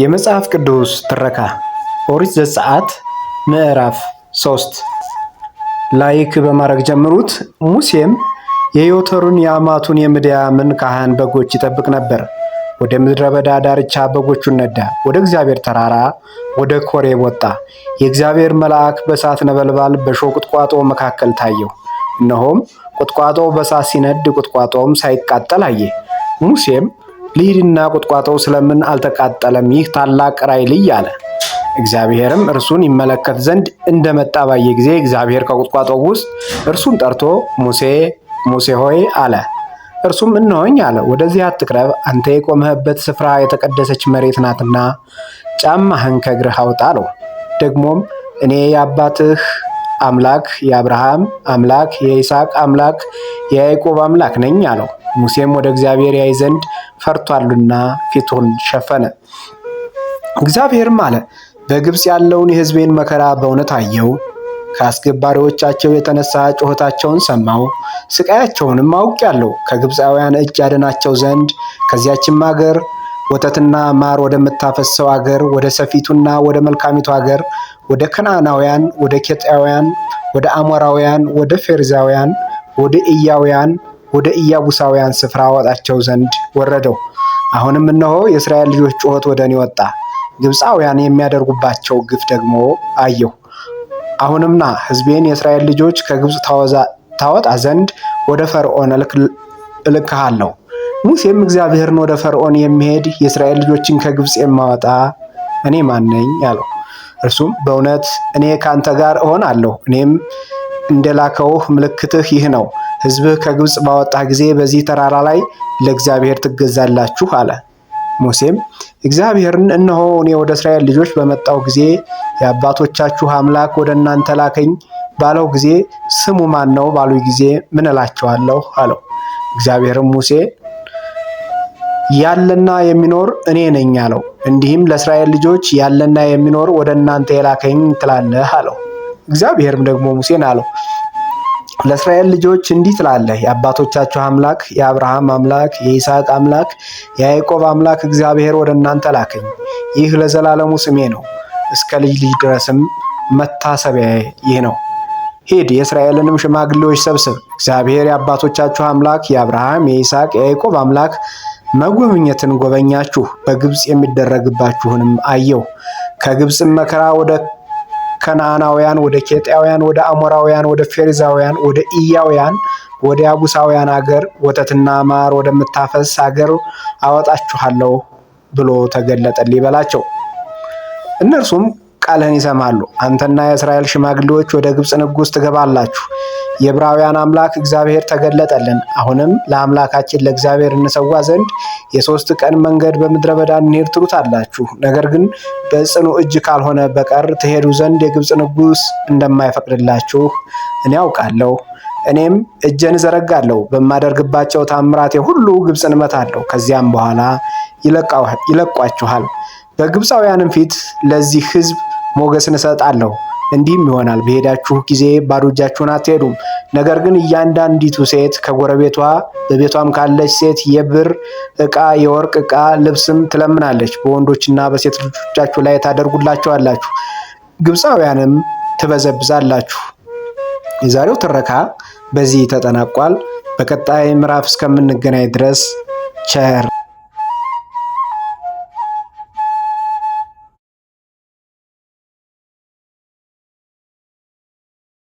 የመጽሐፍ ቅዱስ ትረካ ኦሪት ዘፀአት ምዕራፍ ሶስት ላይክ በማድረግ ጀምሩት። ሙሴም የዮተሩን የአማቱን የምድያምን ካህን በጎች ይጠብቅ ነበር። ወደ ምድረ በዳ ዳርቻ በጎቹን ነዳ፣ ወደ እግዚአብሔር ተራራ ወደ ኮሬብ ወጣ። የእግዚአብሔር መልአክ በእሳት ነበልባል በእሾህ ቁጥቋጦ መካከል ታየው። እነሆም ቁጥቋጦ በእሳት ሲነድ ቁጥቋጦም ሳይቃጠል አየ። ሙሴም ሊድና ቁጥቋጦው ስለምን አልተቃጠለም ይህ ታላቅ ራእይ ልይ አለ። እግዚአብሔርም እርሱን ይመለከት ዘንድ እንደመጣ ባየ ጊዜ እግዚአብሔር ከቁጥቋጦው ውስጥ እርሱን ጠርቶ ሙሴ ሙሴ ሆይ አለ። እርሱም እነሆኝ አለ። ወደዚህ አትቅረብ፣ አንተ የቆመህበት ስፍራ የተቀደሰች መሬት ናትና ጫማህን ከእግርህ አውጣ አለው። ደግሞም እኔ የአባትህ አምላክ የአብርሃም አምላክ የይስሐቅ አምላክ የያዕቆብ አምላክ ነኝ አለው። ሙሴም ወደ እግዚአብሔር ያይ ዘንድ ፈርቷልና ፊቱን ሸፈነ። እግዚአብሔርም አለ፣ በግብፅ ያለውን የሕዝቤን መከራ በእውነት አየው። ከአስገባሪዎቻቸው የተነሳ ጩኸታቸውን ሰማው፣ ስቃያቸውንም ያለው ከግብፃውያን እጅ አድናቸው ዘንድ ከዚያችም አገር ወተትና ማር ወደምታፈሰው አገር ወደ ሰፊቱና ወደ መልካሚቱ አገር ወደ ከነዓናውያን፣ ወደ ኬጣውያን፣ ወደ አሞራውያን፣ ወደ ፌርዛውያን፣ ወደ ኢያውያን፣ ወደ ኢያቡሳውያን ስፍራ አወጣቸው ዘንድ ወረደው። አሁንም እነሆ የእስራኤል ልጆች ጩኸት ወደ እኔ ወጣ፣ ግብፃውያን የሚያደርጉባቸው ግፍ ደግሞ አየሁ። አሁንም ና ሕዝቤን የእስራኤል ልጆች ከግብፅ ታወጣ ዘንድ ወደ ፈርዖን እልክሃለሁ ሙሴም እግዚአብሔርን ወደ ፈርዖን የሚሄድ የእስራኤል ልጆችን ከግብፅ የማወጣ እኔ ማነኝ ነኝ አለው። እርሱም በእውነት እኔ ከአንተ ጋር እሆናለሁ፣ እኔም እንደላከውህ ምልክትህ ይህ ነው፣ ሕዝብህ ከግብፅ ባወጣህ ጊዜ በዚህ ተራራ ላይ ለእግዚአብሔር ትገዛላችሁ አለ። ሙሴም እግዚአብሔርን እነሆ እኔ ወደ እስራኤል ልጆች በመጣው ጊዜ የአባቶቻችሁ አምላክ ወደ እናንተ ላከኝ ባለው ጊዜ ስሙ ማን ነው ባሉ ጊዜ ምን እላቸዋለሁ? አለው። እግዚአብሔርም ሙሴ ያለና የሚኖር እኔ ነኝ አለው። እንዲህም ለእስራኤል ልጆች ያለና የሚኖር ወደ እናንተ የላከኝ ትላለህ አለው። እግዚአብሔርም ደግሞ ሙሴን አለው ለእስራኤል ልጆች እንዲህ ትላለህ የአባቶቻችሁ አምላክ የአብርሃም አምላክ የይስሐቅ አምላክ የያዕቆብ አምላክ እግዚአብሔር ወደ እናንተ ላከኝ። ይህ ለዘላለሙ ስሜ ነው፣ እስከ ልጅ ልጅ ድረስም መታሰቢያ ይህ ነው። ሂድ የእስራኤልንም ሽማግሌዎች ሰብስብ። እግዚአብሔር የአባቶቻችሁ አምላክ የአብርሃም የይስሐቅ የያዕቆብ አምላክ መጎብኘትን ጎበኛችሁ፣ በግብፅ የሚደረግባችሁንም አየው ከግብፅም መከራ ወደ ከነአናውያን፣ ወደ ኬጣውያን፣ ወደ አሞራውያን፣ ወደ ፌሪዛውያን፣ ወደ ኢያውያን፣ ወደ ያቡሳውያን አገር ወተትና ማር ወደምታፈስ አገር አወጣችኋለሁ ብሎ ተገለጠልኝ በላቸው። እነርሱም ቃልህን ይሰማሉ። አንተና የእስራኤል ሽማግሌዎች ወደ ግብፅ ንጉሥ ትገባላችሁ የዕብራውያን አምላክ እግዚአብሔር ተገለጠልን። አሁንም ለአምላካችን ለእግዚአብሔር እንሰዋ ዘንድ የሶስት ቀን መንገድ በምድረ በዳ እንሄድ ትሉት አላችሁ። ነገር ግን በጽኑ እጅ ካልሆነ በቀር ትሄዱ ዘንድ የግብፅ ንጉሥ እንደማይፈቅድላችሁ እኔ አውቃለሁ። እኔም እጄን እዘረጋለሁ፣ በማደርግባቸው ታምራቴ ሁሉ ግብፅን እመታለሁ። ከዚያም በኋላ ይለቋችኋል። በግብፃውያንም ፊት ለዚህ ሕዝብ ሞገስን እሰጣለሁ። እንዲህም ይሆናል በሄዳችሁ ጊዜ ባዶ እጃችሁን አትሄዱም። ነገር ግን እያንዳንዲቱ ሴት ከጎረቤቷ በቤቷም ካለች ሴት የብር ዕቃ፣ የወርቅ ዕቃ፣ ልብስም ትለምናለች፣ በወንዶችና በሴት ልጆቻችሁ ላይ ታደርጉላቸዋላችሁ፣ ግብፃውያንም ትበዘብዛላችሁ። የዛሬው ትረካ በዚህ ተጠናቋል። በቀጣይ ምዕራፍ እስከምንገናኝ ድረስ ቸር